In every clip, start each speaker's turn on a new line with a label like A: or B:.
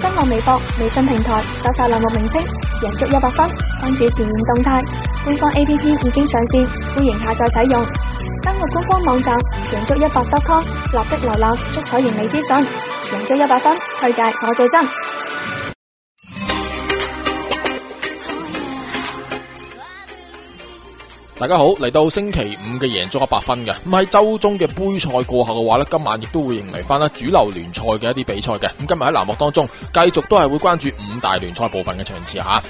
A: 新浪微博、微信平台，搜索欄目名稱，贏足一百分；關注前沿動態，官方 A P P 已經上線，歡迎下載使用。登錄官方網站，贏足一百 dot com，立即瀏覽足彩完美資訊，贏足一百分，推介我最真。
B: 大家好，嚟到星期五嘅贏足 100FUN 嘅，咁喺周中嘅杯賽過後嘅話呢，今晚亦都會迎嚟翻啦主流聯賽嘅一啲比賽嘅，咁今日喺欄目當中繼續都係會關注五大聯賽部分嘅場次吓。啊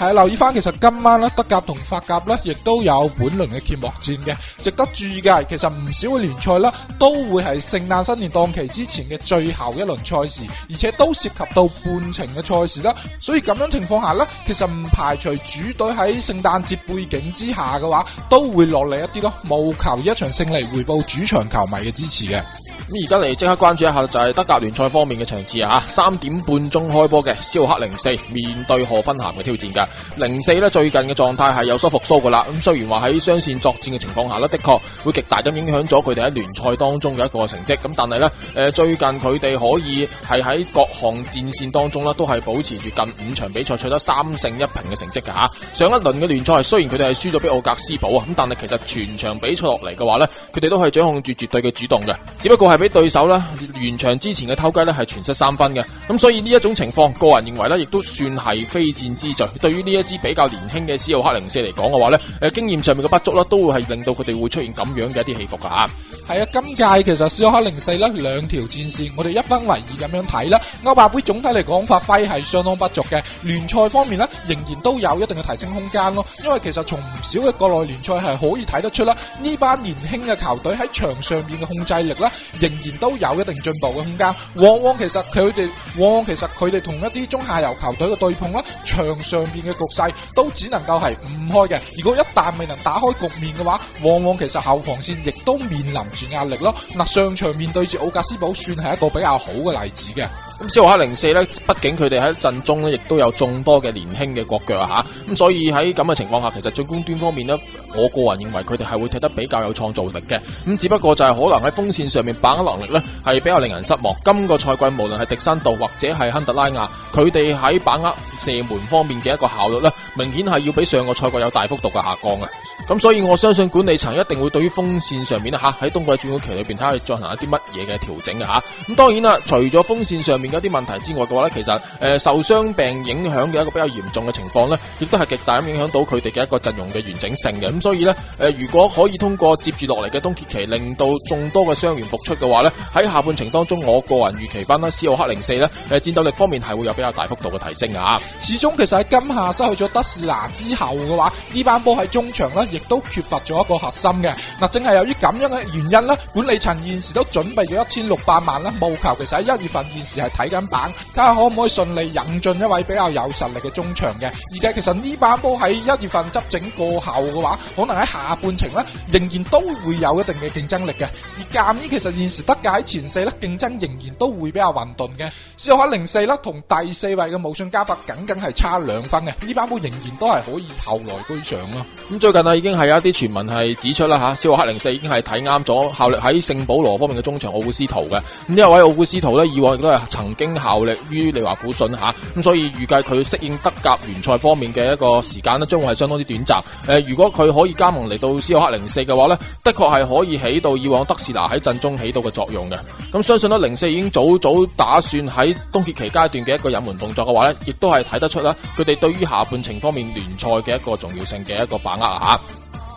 B: 係、啊、留意翻，其實今晚咧德甲同法甲咧，亦都有本輪嘅揭幕戰嘅，值
A: 得注意嘅。其實唔少嘅聯賽咧，都會係聖誕新年檔期之前嘅最後一輪賽事，而且都涉及到半程嘅賽事啦。所以咁樣情況下咧，其實唔排除主隊喺聖誕節背景之下嘅話，都會落嚟一啲咯，務求一場勝利回報主場球迷嘅支持嘅。
B: 咁而家嚟即刻關注一下，就係德甲聯賽方面嘅場次啊！三點半鐘開波嘅，肖克零四面對賀芬咸嘅挑戰㗎，零四呢，最近嘅狀態係有所復蘇噶啦。咁雖然話喺雙線作戰嘅情況下呢，的確會極大咁影響咗佢哋喺聯賽當中嘅一個成績。咁但係呢，誒，最近佢哋可以係喺各項戰線當中呢，都係保持住近五場比賽取得三勝一平嘅成績㗎吓。上一輪嘅聯賽雖然佢哋係輸咗俾奧格斯堡啊，咁但係其實全場比賽落嚟嘅話呢，佢哋都係掌控住絕對嘅主動嘅，只不過係。俾對手啦，完場之前嘅偷雞咧係全失三分嘅，咁所以呢一種情況，個人認為咧，亦都算係非戰之罪。對於呢一支比較年輕嘅沙爾克零四嚟講嘅話咧，誒、呃，經驗上面嘅不足啦，都會係令到佢哋會出現咁樣嘅一啲起伏噶吓。
A: 係啊，今屆其實沙爾克零四咧兩條戰線，我哋一分為二咁樣睇啦。歐霸杯總體嚟講發揮係相當不俗嘅，聯賽方面咧仍然都有一定嘅提升空間咯。因為其實從唔少嘅國內聯賽係可以睇得出啦，呢班年輕嘅球隊喺場上邊嘅控制力咧仍然都有一定進步嘅空間。往往其實佢哋，往往其實佢哋同一啲中下游球隊嘅對碰咧，場上邊嘅局勢都只能夠係唔開嘅。如果一旦未能打開局面嘅話，往往其實後防線亦都面臨，住壓力咯，嗱，上場面對住奧格斯堡算係一個比較好嘅例
B: 子嘅。咁沙爾克零四呢，畢竟佢哋喺陣中呢亦都有眾多嘅年輕嘅國腳啊吓，咁所以喺咁嘅情況下，其實進攻端方面呢，我個人認為佢哋係會踢得比較有創造力嘅。咁只不過就係可能喺鋒線上面把握能力呢，係比較令人失望。今個賽季無論係迪山度或者係亨特拉亞，佢哋喺把握射門方面嘅一個效率呢，明顯係要比上個賽季有大幅度嘅下降啊。咁所以我相信管理層一定會對於鋒線上面啊吓喺東。喺轉會期裏邊，睇下佢進行一啲乜嘢嘅調整啊，咁當然啦，除咗鋒線上面嘅啲問題之外嘅話呢，其實誒受傷病影響嘅一個比較嚴重嘅情況呢，亦都係極大咁影響到佢哋嘅一個陣容嘅完整性嘅。咁所以呢，誒如果可以通過接住落嚟嘅冬歇期，令到眾多嘅傷員復出嘅話呢，喺下半程當中，我個人預期班啦，斯奧克零四呢，誒戰鬥力方面係會有比較大幅度嘅提升嘅吓。始終其實喺今夏失去
A: 咗德士拿之後嘅話，呢班波喺中場呢亦都缺乏咗一個核心嘅。嗱，正係由於咁樣嘅原因。啦，管理層現時都準備咗一千六百萬啦。務求其實喺一月份，現時係睇緊榜，睇下可唔可以順利引進一位比較有實力嘅中場嘅。而家其實呢把波喺一月份執整過後嘅話，可能喺下半程咧，仍然都會有一定嘅競爭力嘅。而劍呢其實現時德甲喺前四咧，競爭仍然都會比較混沌嘅。沙爾克零四咧同第四位嘅慕遜加柏，僅僅係差兩分嘅，呢把波仍然都係可以後來居上咯。咁
B: 最近啊，已經係有一啲傳聞係指出啦吓，沙爾克零四已經係睇啱咗，效力喺聖保羅方面嘅中場奧古斯圖嘅，咁呢一位奧古斯圖咧，以往亦都係曾經效力於利華古信，吓。咁、啊、所以預計佢適應德甲聯賽方面嘅一個時間咧，將會係相當之短暫。誒、呃，如果佢可以加盟嚟到斯奧克零四嘅話呢，的確係可以起到以往德士拿喺陣中起到嘅作用嘅。咁、啊、相信呢，零四已經早早打算喺冬歇期階段嘅一個隱瞞動作嘅話呢，亦都係睇得出啦，佢哋對於下半程方面聯賽嘅一個重要性嘅一個把握吓。啊啊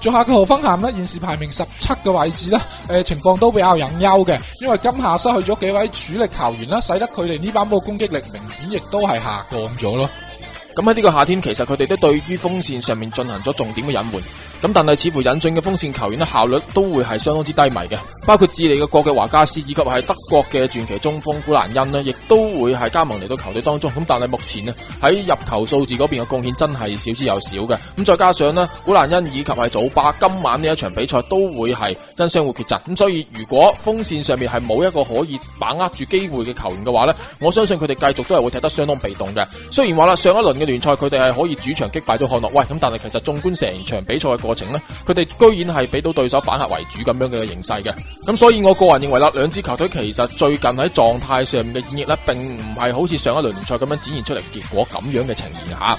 A: 仲有個賀芬咸呢，現時排名十七嘅位置呢，誒、呃、情況都比較隱憂嘅，因為今夏失去咗幾位主力球員啦，
B: 使得佢哋呢班波攻擊力明顯亦都係下降咗咯。咁喺呢個夏天，其實佢哋都對於鋒線上面進行咗重點嘅隱瞞。咁但係似乎引進嘅鋒線球員咧，效率都會係相當之低迷嘅，包括智利嘅國腳華加斯，以及係德國嘅傳奇中鋒古蘭恩咧，亦都會係加盟嚟到球隊當中。咁但係目前咧喺入球數字嗰邊嘅貢獻真係少之又少嘅。咁再加上咧，古蘭恩以及係祖巴今晚呢一場比賽都會係因傷缺陣。咁所以如果鋒線上面係冇一個可以把握住機會嘅球員嘅話咧，我相信佢哋繼續都係會踢得相當被動嘅。雖然話啦，上一輪聯賽佢哋係可以主場擊敗到漢諾威咁，但係其實縱觀成場比賽嘅過程咧，佢哋居然係俾到對手反客為主咁樣嘅形勢嘅。咁所以我個人認為啦，兩支球隊其實最近喺狀態上面嘅演繹呢，並唔係好似上一輪聯賽咁樣展現出嚟結果咁樣嘅情形吓。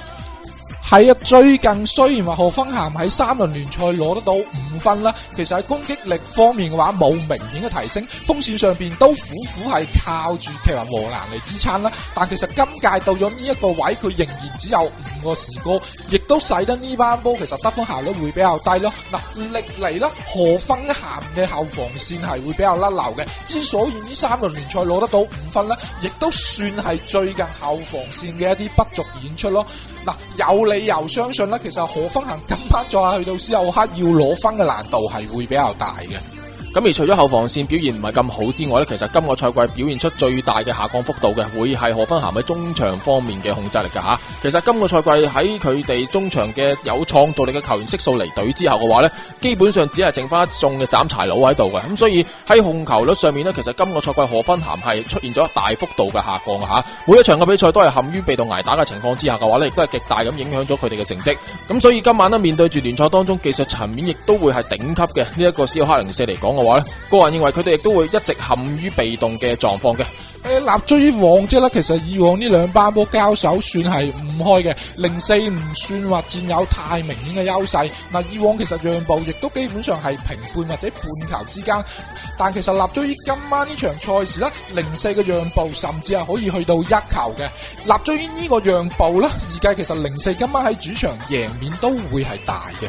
A: 係啊，最近雖然話何芬咸喺三輪聯賽攞得到五分啦，其實喺攻擊力方面嘅話冇明顯嘅提升，鋒線上邊都苦苦係靠住譬如話河南嚟支撐啦，但其實今屆到咗呢一個位，佢仍然只有五個時高，亦都使得呢班波其實得分效率會比較低咯。嗱，歷嚟啦，何芬咸嘅後防線係會比較甩流嘅，之所以呢三輪聯賽攞得到五分咧，亦都算係最近後防線嘅一啲不俗演出咯。嗱，有你。你又相信啦，其實霍芬咸今晚再去到沙爾克要攞分嘅難度係會比較大嘅。
B: 咁而除咗後防線表現唔係咁好之外咧，其實今個賽季表現出最大嘅下降幅度嘅，會係何芬咸喺中場方面嘅控制力噶吓。其實今個賽季喺佢哋中場嘅有創造力嘅球員悉數離隊之後嘅話咧，基本上只係剩翻一眾嘅斬柴佬喺度嘅。咁、嗯、所以喺控球率上面咧，其實今個賽季何芬咸係出現咗大幅度嘅下降吓。每一場嘅比賽都係陷於被動挨打嘅情況之下嘅話咧，亦都係極大咁影響咗佢哋嘅成績。咁、嗯、所以今晚咧，面對住聯賽當中技術層面亦都會係頂級嘅呢一個沙爾克零四嚟講。個人認為佢哋亦都會一直陷於被動嘅狀況嘅。
A: 誒、呃，立足於往即係啦，其實以往呢兩班波交手算係唔開嘅，零四唔算話佔有太明顯嘅優勢。嗱，以往其實讓步亦都基本上係平半或者半球之間，但其實立足於今晚場賽呢場賽事咧，零四嘅讓步甚至係可以去到一球嘅。立足於呢個讓步咧，而家其實零四今晚喺主場贏面都會係大嘅。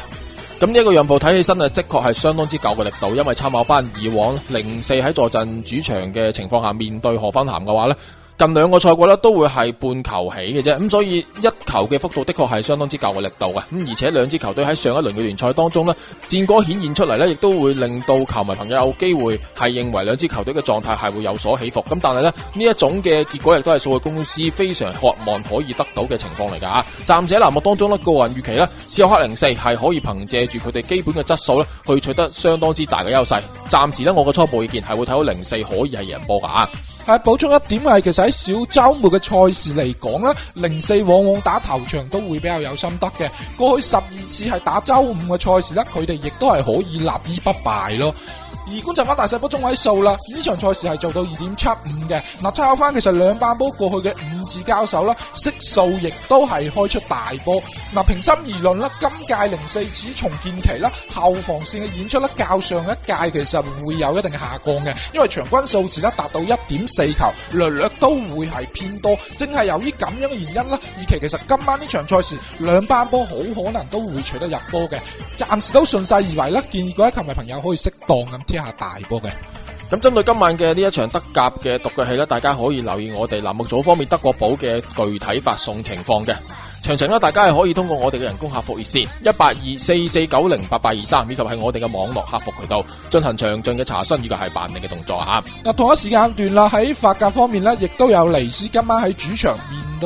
B: 咁呢一個讓步睇起身啊，的確係相當之夠嘅力度，因為參考翻以往零四喺坐鎮主場嘅情況下面對何芬咸嘅話咧。近兩個賽季咧，都會係半球起嘅啫，咁所以一球嘅幅度，的確係相當之夠嘅力度嘅。咁而且兩支球隊喺上一輪嘅聯賽當中呢，戰果顯現出嚟呢，亦都會令到球迷朋友有機會係認為兩支球隊嘅狀態係會有所起伏。咁但係呢，呢一種嘅結果亦都係數據公司非常渴望可以得到嘅情況嚟㗎嚇。暫時喺欄目當中咧，個人預期呢，沙爾克零四係可以憑藉住佢哋基本嘅質素咧，去取得相當之大嘅優勢。暫時呢，我嘅初步意見係會睇到零四可以係贏波㗎。係補充一點
A: 係，其實喺小週末嘅賽事嚟講咧，零四往往打頭場都會比較有心得嘅。過去十二次係打周五嘅賽事咧，佢哋亦都係可以立於不敗咯。而觀察翻大細波中位數啦，呢場賽事係做到二點七五嘅。嗱，抄翻其實兩班波過去嘅五字交手啦，色數亦都係開出大波。嗱，平心而論啦，今屆零四次重建期啦，後防線嘅演出咧較上一屆其實會有一定下降嘅，因為場均數字咧達到一點四球，略略都會係偏多。正係由於咁樣嘅原因咧，二期其，其實今晚呢場賽事兩班波好可能都會取得入波嘅。暫時都順勢而為啦，建議各位球迷朋友可以適當咁一下大波嘅。
B: 咁針對今晚嘅呢一場德甲嘅獨腳戲咧，大家可以留意我哋欄目組方面德國寶嘅具體發送情況嘅詳情呢，大家係可以通過我哋嘅人工客服熱線一八二四四九零八八二三，4 4 23，以及係我哋嘅網絡客服渠道進行詳盡嘅查詢，以及係辦理嘅動作吓。
A: 嗱，同一時間段啦，喺法甲方面呢，亦都有尼斯今晚喺主場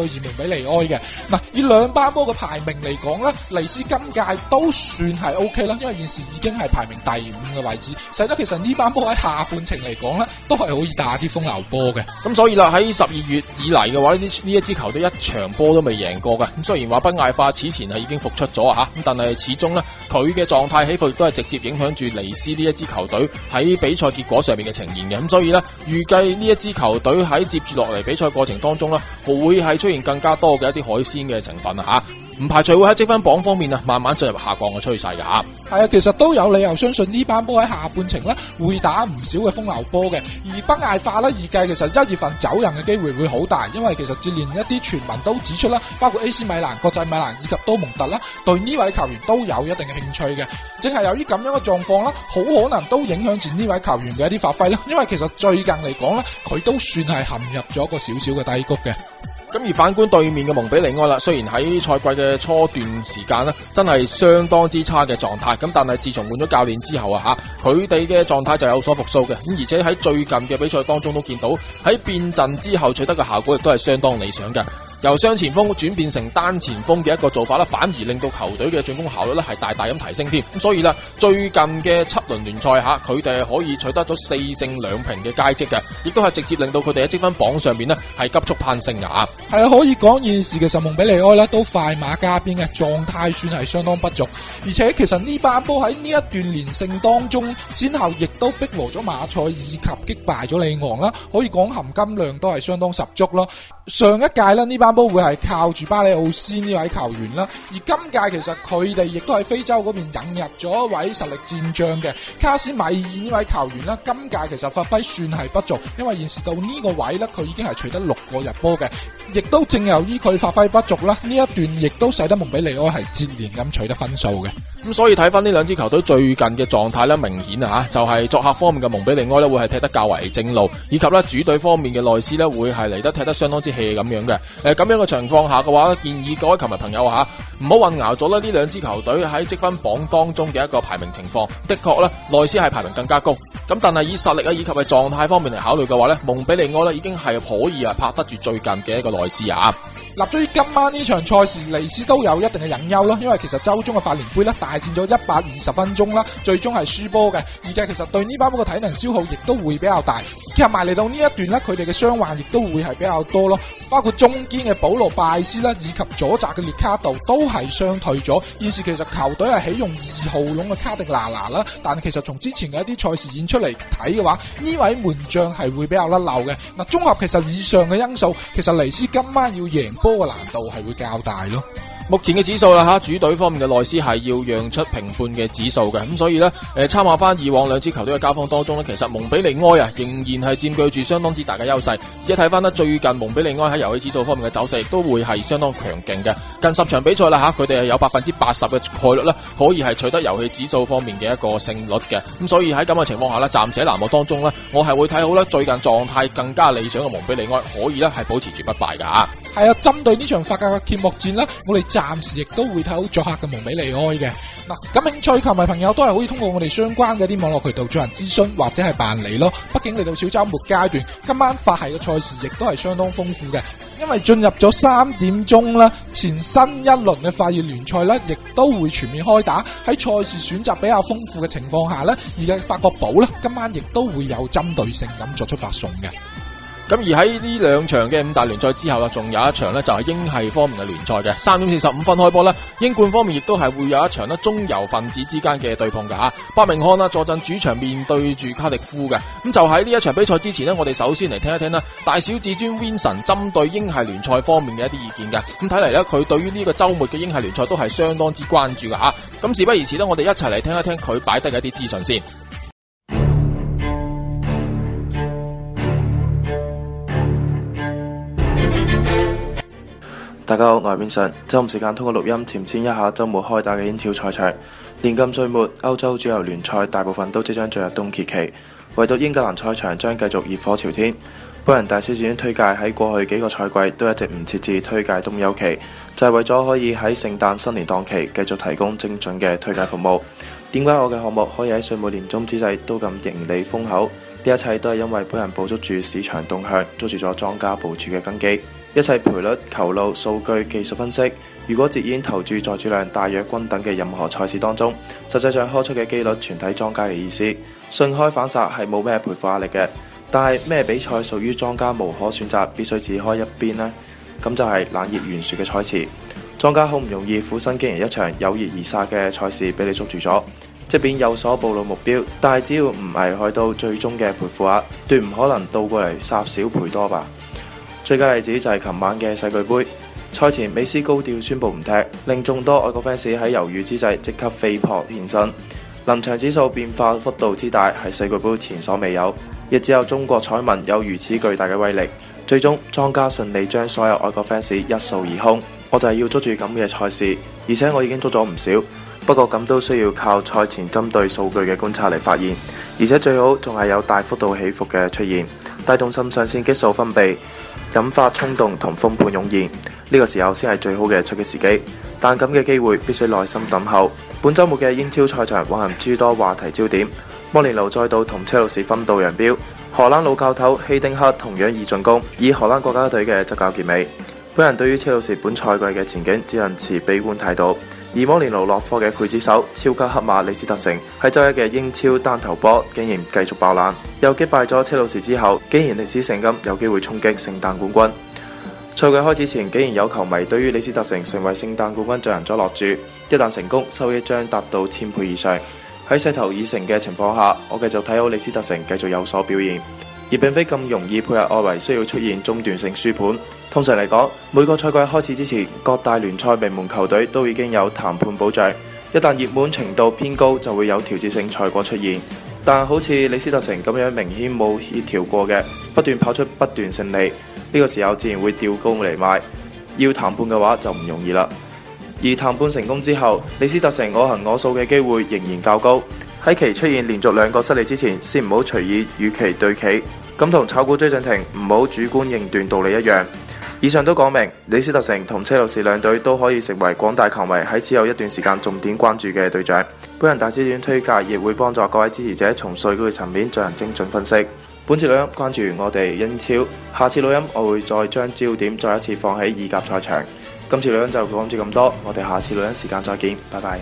A: 移明俾利埃嘅嗱，以兩班波嘅排名嚟講呢，尼斯今屆都算係 OK 啦，因為現時已經係排名第五嘅位置，使得其實呢班波喺下半程嚟講呢，
B: 都係好易打啲風流波嘅。咁所以啦，喺十二月以嚟嘅話，呢呢一支球隊一場波都未贏過嘅。咁雖然話不艾化此前係已經復出咗吓，咁、啊、但係始終呢，佢嘅狀態起伏亦都係直接影響住尼斯呢一支球隊喺比賽結果上面嘅呈現嘅。咁所以呢，預計呢一支球隊喺接住落嚟比賽過程當中呢，會係出。更加多嘅一啲海鮮嘅成分啊，吓唔排除會喺積分榜方面啊，慢慢進入下降嘅趨勢嘅
A: 吓。係啊，其實都有理由相信呢班波喺下半程咧會打唔少嘅風流波嘅。而北艾化咧預計其實一月份走人嘅機會會好大，因為其實就連一啲傳聞都指出啦，包括 AC 米蘭、國際米蘭以及多蒙特啦，對呢位球員都有一定嘅興趣嘅。正係由於咁樣嘅狀況啦，好可能都影響住呢位球員嘅一啲發揮啦。因為其實最近嚟講咧，佢都算係陷入咗一
B: 個少少嘅低谷嘅。咁而反觀對面嘅蒙比尼埃啦，雖然喺賽季嘅初段時間啦，真係相當之差嘅狀態。咁但係自從換咗教練之後啊，吓佢哋嘅狀態就有所復甦嘅。咁而且喺最近嘅比賽當中都見到，喺變陣之後取得嘅效果亦都係相當理想嘅。由雙前鋒轉變成單前鋒嘅一個做法咧，反而令到球隊嘅進攻效率咧係大大咁提升添。咁所以咧，最近嘅七輪聯賽吓，佢哋可以取得咗四勝兩平嘅佳績嘅，亦都係直接令到佢哋喺積分榜上面咧係急速攀升噶啊！
A: 係可以講，現時嘅什蒙比利埃咧都快馬加鞭嘅狀態，狀態算係相當不俗。而且其實呢班波喺呢一段連勝當中，先後亦都逼和咗馬賽，以及擊敗咗里昂啦，可以講含金量都係相當十足咯。上一屆咧呢班，波會係靠住巴里奧斯呢位球員啦，而今屆其實佢哋亦都喺非洲嗰邊引入咗一位實力戰將嘅卡斯米爾呢位球員啦。今屆其實發揮算係不俗，因為現時到呢個位咧，佢已經係取得六個入波嘅，亦都正由於佢發揮不足啦，呢一段亦都使得蒙比利埃係接連咁取得分數嘅。咁、
B: 嗯、所以睇翻呢兩支球隊最近嘅狀態咧，明顯啊吓就係、是、作客方面嘅蒙比利埃咧會係踢得較為正路，以及咧主隊方面嘅內斯咧會係嚟得踢得相當之 hea 咁樣嘅。誒、呃。呃咁樣嘅情況下嘅話，建議各位球迷朋友吓，唔好混淆咗啦。呢兩支球隊喺積分榜當中嘅一個排名情況，的確咧，內斯係排名更加高。咁但係以實力啊以及係狀態方面嚟考慮嘅話呢，蒙比利埃咧已經係可以啊拍得住最近嘅一個內斯啊。立足於今晚呢場賽事，尼斯都有一定嘅隱
A: 憂咯。因為其實周中嘅法聯盃咧大戰咗一百二十分鐘啦，最終係輸波嘅。而家其實對呢班波嘅體能消耗亦都會比較大。夾埋嚟到呢一段咧，佢哋嘅傷患亦都會係比較多咯。包括中堅嘅保羅拜斯啦，以及左閘嘅列卡度都係傷退咗。現時其實球隊係起用二號龍嘅卡迪娜娜啦，但其實從之前嘅一啲賽事演出嚟睇嘅話，呢位門將係會比較甩漏嘅。嗱，綜合其實以上
B: 嘅因素，其實尼斯今晚要贏嗰個難度係會較大咯。目前嘅指數啦吓，主隊方面嘅內斯係要讓出平半嘅指數嘅，咁所以呢，誒，參考翻以往兩支球隊嘅交鋒當中呢，其實蒙彼利埃啊，仍然係佔據住相當之大嘅優勢。只係睇翻呢最近蒙彼利埃喺遊戲指數方面嘅走勢，亦都會係相當強勁嘅。近十場比賽啦吓，佢哋係有百分之八十嘅概率呢，可以係取得遊戲指數方面嘅一個勝率嘅。咁所以喺咁嘅情況下咧，暫時欄目當中呢，我係會睇好呢最近狀態更加理想嘅蒙彼利埃，可以呢係保持住不敗噶。
A: 係啊，針對呢場法甲嘅揭幕戰咧，我哋。暫時亦都會睇好作客嘅蒙彼利埃嘅嗱，感興趣球迷朋友都係可以通過我哋相關嘅啲網絡渠道進行諮詢或者係辦理咯。畢竟嚟到小周末階段，今晚法系嘅賽事亦都係相當豐富嘅，因為進入咗三點鐘啦，前新一輪嘅法乙聯賽咧，亦都會全面開打。喺賽事選擇比較豐富嘅情況下呢，而家法國
B: 寶呢，今晚亦都會有針對性咁作出發送嘅。咁而喺呢兩場嘅五大聯賽之後啦，仲有一場咧，就係英系方面嘅聯賽嘅三點四十五分開波啦。英冠方面亦都係會有一場咧，中游分子之間嘅對碰嘅吓。伯明翰啦，坐鎮主場面對住卡迪夫嘅。咁就喺呢一場比賽之前咧，我哋首先嚟聽一聽啦，大小至尊 Vincent 針對英系聯賽方面嘅一啲意見嘅。咁睇嚟咧，佢對於呢個周末嘅英系聯賽都係相當之關注嘅吓。咁事不宜遲啦，我哋一齊嚟聽一聽佢擺低嘅一啲資訊先。
C: 大家好，我係 Vincent 周五時間通過錄音前瞻一下周末開打嘅英超賽場。年近歲末，歐洲主流聯賽大部分都即將進入冬歇期,期，唯獨英格蘭賽場將繼續熱火朝天。本人大小薦推介喺過去幾個賽季都一直唔設置推介冬休期，就係、是、為咗可以喺聖誕新年檔期繼續提供精準嘅推介服務。點解我嘅項目可以喺歲末年終之際都咁盈利豐厚？呢一切都係因為本人捕捉住市場動向，捉住咗莊家部署嘅根基。一切賠率、球路、數據、技術分析，如果折煙投注在注量大約均等嘅任何賽事當中，實際上開出嘅幾率全體莊家嘅意思，順開反殺係冇咩賠付壓力嘅。但係咩比賽屬於莊家無可選擇，必須只開一邊呢？咁就係冷熱懸殊嘅賽事，莊家好唔容易苦心經營一場有熱而殺嘅賽事俾你捉住咗，即便有所暴露目標，但係只要唔危害到最終嘅賠付額，斷唔可能倒過嚟殺少賠多吧。最佳例子就係琴晚嘅世俱杯，賽前美斯高調宣布唔踢，令眾多外國 fans 喺猶豫之際即刻飛撲現身。臨場指數變化幅度之大，係世俱杯前所未有，亦只有中國彩民有如此巨大嘅威力。最終，莊家順利將所有外國 fans 一掃而空。我就係要捉住咁嘅賽事，而且我已經捉咗唔少，不過咁都需要靠賽前針對數據嘅觀察嚟發現，而且最好仲係有大幅度起伏嘅出現。帶動腎上腺激素分泌，引發衝動同瘋叛湧現。呢個時候先係最好嘅出擊時機。但咁嘅機會必須耐心等候。本周末嘅英超賽場蘊含諸多話題焦點。摩連奴再度同車路士分道揚鑣。荷蘭老教頭希丁克同樣以進攻，以荷蘭國家隊嘅執教結尾。本人對於車路士本賽季嘅前景，只能持悲觀態度。而摩連奴勞落課嘅劊子手，超級黑馬李斯特城喺周一嘅英超單頭波竟然繼續爆冷，又擊敗咗車路士之後，竟然歷史性咁有機會衝擊聖誕冠軍。賽季開始前，竟然有球迷對於李斯特城成為聖誕冠軍進行咗落注，一旦成功，收益將達到千倍以上。喺勢頭已成嘅情況下，我繼續睇好李斯特城繼續有所表現。而並非咁容易配合，外圍需要出現中斷性輸盤。通常嚟講，每個賽季開始之前，各大聯賽名門球隊都已經有談判保障。一旦熱門程度偏高，就會有調節性賽果出現。但好似李斯特城咁樣明顯冇協調過嘅，不斷跑出不斷勝利，呢個時候自然會吊高嚟賣，要談判嘅話就唔容易啦。而談判成功之後，李斯特城我行我素嘅機會仍然較高。喺其出現連續兩個失利之前，先唔好隨意與其對企，咁同炒股追漲停唔好主觀認斷道理一樣。以上都講明，李斯特城同車路士兩隊都可以成為廣大球迷喺此後一段時間重點關注嘅隊長。本人大資料推介亦會幫助各位支持者從數據層面進行精準分析。本次錄音關注完我哋英超，下次錄音我會再將焦點再一次放喺意甲賽場。今次錄音就講住咁多，我哋下次錄音時間再見，拜拜。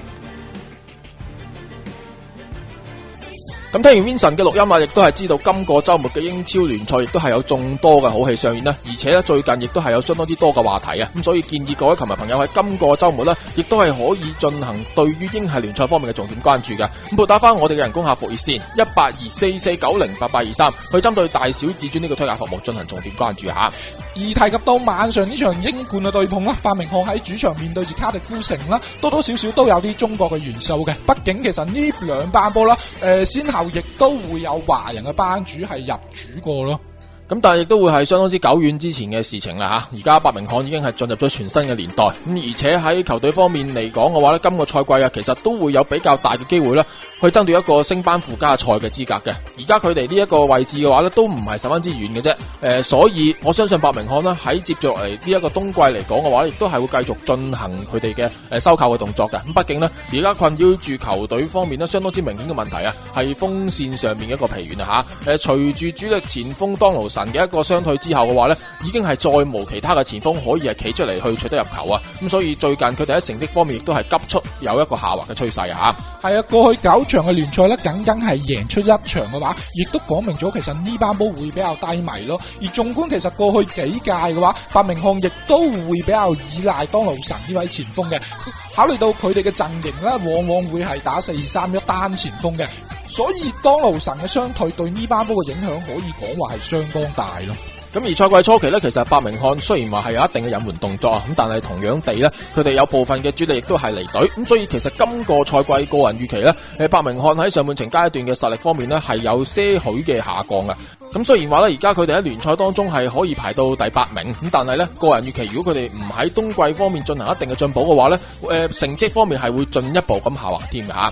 B: 咁聽完 Vincent 嘅錄音啊，亦都係知道今個周末嘅英超聯賽亦都係有眾多嘅好戲上演啦。而且呢，最近亦都係有相當之多嘅話題啊。咁所以建議各位球迷朋友喺今個周末呢，亦都係可以進行對於英系聯賽方面嘅重點關注嘅。咁撥打翻我哋嘅人工客服熱線一八二四四九零八八二三，4 4 23，去針對大小至尊呢個推介服務進行重點關注吓。
A: 而提及到晚上呢場英冠嘅對碰啦，伯明翰喺主場面對住卡迪夫城啦，多多少少都有啲中國嘅元素嘅。畢竟其實呢兩班波啦，誒、呃、先後。亦都會有華人嘅班主係入主過咯。
B: 咁但係亦都會係相當之久遠之前嘅事情啦，吓，而家伯明翰已經係進入咗全新嘅年代，咁而且喺球隊方面嚟講嘅話咧，今個賽季啊，其實都會有比較大嘅機會啦，去爭奪一個升班附加賽嘅資格嘅。而家佢哋呢一個位置嘅話咧，都唔係十分之遠嘅啫，誒、呃，所以我相信伯明翰啦，喺接着嚟，呢一個冬季嚟講嘅話亦都係會繼續進行佢哋嘅誒收購嘅動作嘅。咁畢竟呢，而家困擾住球隊方面咧，相當之明顯嘅問題啊，係鋒綫上面一個疲軟啊吓，誒、呃，隨住主力前鋒當奴。神嘅一個傷退之後嘅話咧，已經係再冇其他嘅前鋒可以係企出嚟去取得入球啊！咁所以最近佢哋喺成績方面亦都係急速有一個下滑嘅趨勢啊！
A: 係啊，過去九場嘅聯賽咧，僅僅係贏出一場嘅話，亦都講明咗其實呢班波會比較低迷咯。而縱觀其實過去幾屆嘅話，八明控亦都會比較依賴當路神呢位前鋒嘅。考慮到佢哋嘅陣營咧，往往會係打四三一單前鋒嘅，所以當路神嘅傷退對呢班波嘅影響可以講話係相當大咯，
B: 咁而賽季初期呢，其實伯明翰雖然話係有一定嘅隱瞞動作啊，咁但係同樣地呢，佢哋有部分嘅主力亦都係離隊，咁所以其實今個賽季個人預期呢，誒伯明翰喺上半程階段嘅實力方面呢，係有些許嘅下降嘅。咁雖然話呢，而家佢哋喺聯賽當中係可以排到第八名，咁但係呢個人預期如果佢哋唔喺冬季方面進行一定嘅進步嘅話呢，誒、呃、成績方面係會進一步咁下滑添嘅吓。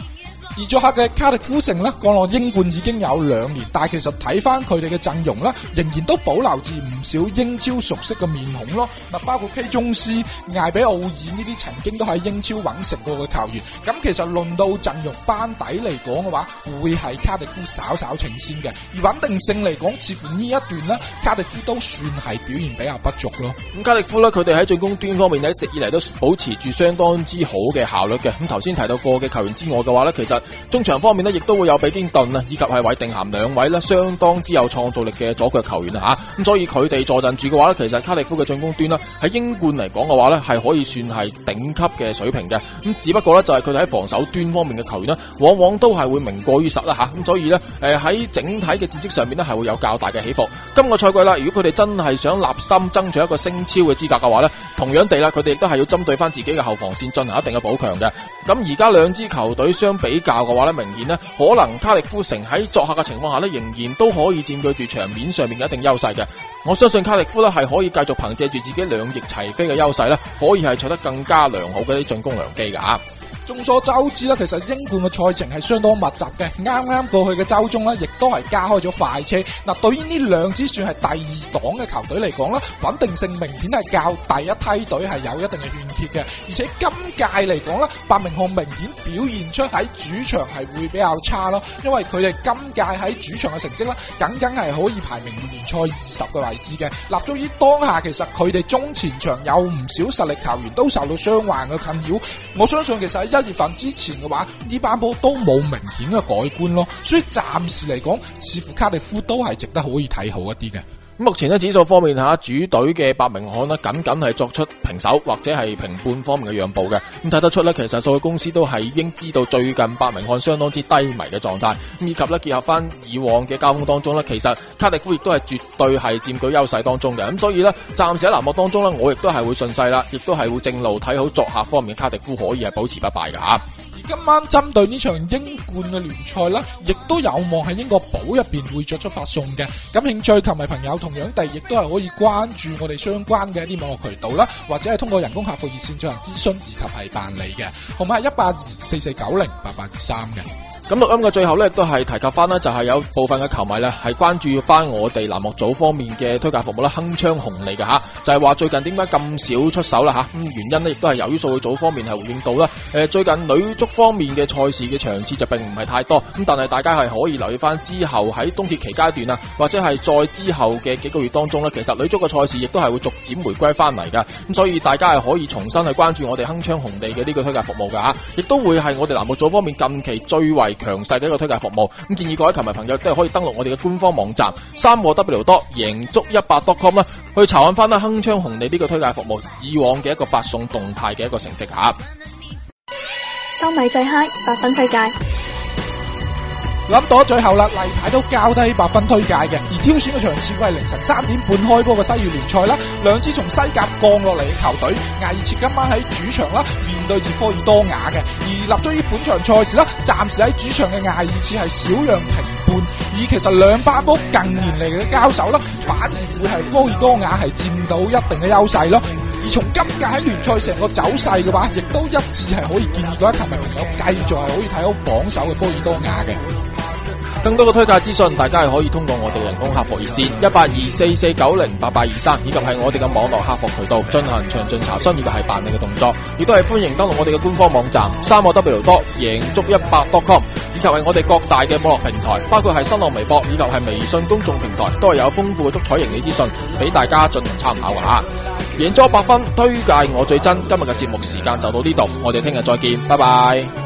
A: 而作客嘅卡迪夫城咧，降落英冠已經有兩年，但係其實睇翻佢哋嘅陣容啦，仍然都保留住唔少英超熟悉嘅面孔咯。嗱，包括 K 宗師、艾比奧爾呢啲曾經都喺英超穩成過嘅球員。咁其實論到陣容班底嚟講嘅話，會係卡迪夫稍稍領先嘅。而穩定性嚟講，似乎呢一段咧，卡迪夫都算係表現比較不足咯。咁
B: 卡迪夫咧，佢哋喺進攻端方面咧，一直以嚟都保持住相當之好嘅效率嘅。咁頭先提到過嘅球員之外嘅話咧，其實中場方面呢，亦都會有比堅頓啊，以及係韋定咸兩位呢，相當之有創造力嘅左腳球員吓咁、啊、所以佢哋坐鎮住嘅話呢，其實卡利夫嘅進攻端呢，喺英冠嚟講嘅話呢，係可以算係頂級嘅水平嘅。咁只不過呢，就係佢哋喺防守端方面嘅球員呢，往往都係會名過於實啦，吓、啊、咁所以呢，誒、呃、喺整體嘅戰績上面呢，係會有較大嘅起伏。今個賽季啦，如果佢哋真係想立心爭取一個升超嘅資格嘅話呢，同樣地啦，佢哋亦都係要針對翻自己嘅後防綫進行一定嘅補強嘅。咁而家兩支球隊相比較嘅話咧，明顯咧，可能卡力夫城喺作客嘅情況下咧，仍然都可以佔據住場面上面嘅一定優勢嘅。我相信卡迪夫咧係可以繼續憑借住自己兩翼齊飛嘅優勢咧，可以係取得更加良好嘅啲進攻良機噶吓。
A: 眾所周知啦，其實英冠嘅賽程係相當密集嘅，啱啱過去嘅周中咧亦都係加開咗快車。嗱，對於呢兩支算係第二檔嘅球隊嚟講咧，穩定性明顯係較第一梯隊係有一定嘅欠缺嘅。而且今屆嚟講咧，伯明翰明顯表現出喺主場係會比較差咯，因為佢哋今屆喺主場嘅成績咧，僅僅係可以排名聯賽二十個位。知嘅，立足於當下，其實佢哋中前場有唔少實力球員都受到傷患嘅困擾，我相信其實喺一月份之前嘅話，呢班波都冇明顯嘅改觀咯，所以暫時嚟講，似乎卡迪夫都係值得可以睇好一啲嘅。
B: 目前咧指數方面吓主隊嘅伯明翰咧僅僅係作出平手或者係平半方面嘅讓步嘅，咁睇得出咧其實所有公司都係已經知道最近伯明翰相當之低迷嘅狀態，以及咧結合翻以往嘅交鋒當中咧，其實卡迪夫亦都係絕對係佔據優勢當中嘅，咁所以咧暫時喺欄目當中咧我亦都係會順勢啦，亦都係會正路睇好作客方面卡迪夫可以係保持不敗嘅吓。
A: 而今晚針對呢場英冠嘅聯賽啦，亦都有望喺英國寶入邊會作出發送嘅。感興趣球迷朋友同樣地亦都係可以關注我哋相關嘅一啲網絡渠道啦，或者係通過人工客服熱線進行諮詢以及係辦理嘅，號碼係一八二四四九零八八二三嘅。
B: 咁錄音嘅最後咧，亦都係提及翻咧，就係有部分嘅球迷咧係關注翻我哋欄目組方面嘅推介服務啦，鏗鏘紅利嘅吓，就係話最近點解咁少出手啦吓？咁原因呢，亦都係由於數據組方面係回應到啦。誒，最近女足方面嘅賽事嘅場次就並唔係太多，咁但係大家係可以留意翻之後喺冬歇期階段啊，或者係再之後嘅幾個月當中呢，其實女足嘅賽事亦都係會逐漸回歸翻嚟嘅。咁所以大家係可以重新去關注我哋鏗鏘紅利嘅呢個推介服務嘅吓，亦都會係我哋欄目組方面近期最為。強勢嘅一個推介服務，咁建議各位球迷朋友都係可以登錄我哋嘅官方網站三個 W 多贏足一百 dot com 啦，去查看翻啦，鏗鏘紅利呢個推介服務以往嘅一個發送動態嘅一個成績盒，
A: 收米最嗨，百分推介。
B: 諗到最後啦，例
A: 牌都交低百分推介嘅，而挑選嘅場次係凌晨三點半開波嘅西乙聯賽啦。兩支從西甲降落嚟嘅球隊，艾爾切今晚喺主場啦面對住科爾多瓦嘅，而立足於本場賽事啦，暫時喺主場嘅艾爾切係小讓平半。以其實兩班波近年嚟嘅交手啦，反而會係科爾多瓦係佔到一定嘅優勢咯。而從今屆喺聯賽成個走勢嘅話，亦都一致係可以建議到，琴日仲有繼續係可以睇到榜首嘅科爾多瓦嘅。
B: 更多嘅推介資訊，大家係可以通過我哋人工客服熱線一八二四四九零八八二三，23, 以及係我哋嘅網絡客服渠道進行詳盡查詢，以及係辦理嘅動作。亦都係歡迎登錄我哋嘅官方網站三個 W 多贏足一百 .com，以及係我哋各大嘅網絡平台，包括係新浪微博以及係微信公眾平台，都係有豐富嘅足彩盈利資訊俾大家進行參考噶吓。贏足一百分，推介我最真。今日嘅節目時間就到呢度，我哋聽日再見，
C: 拜拜。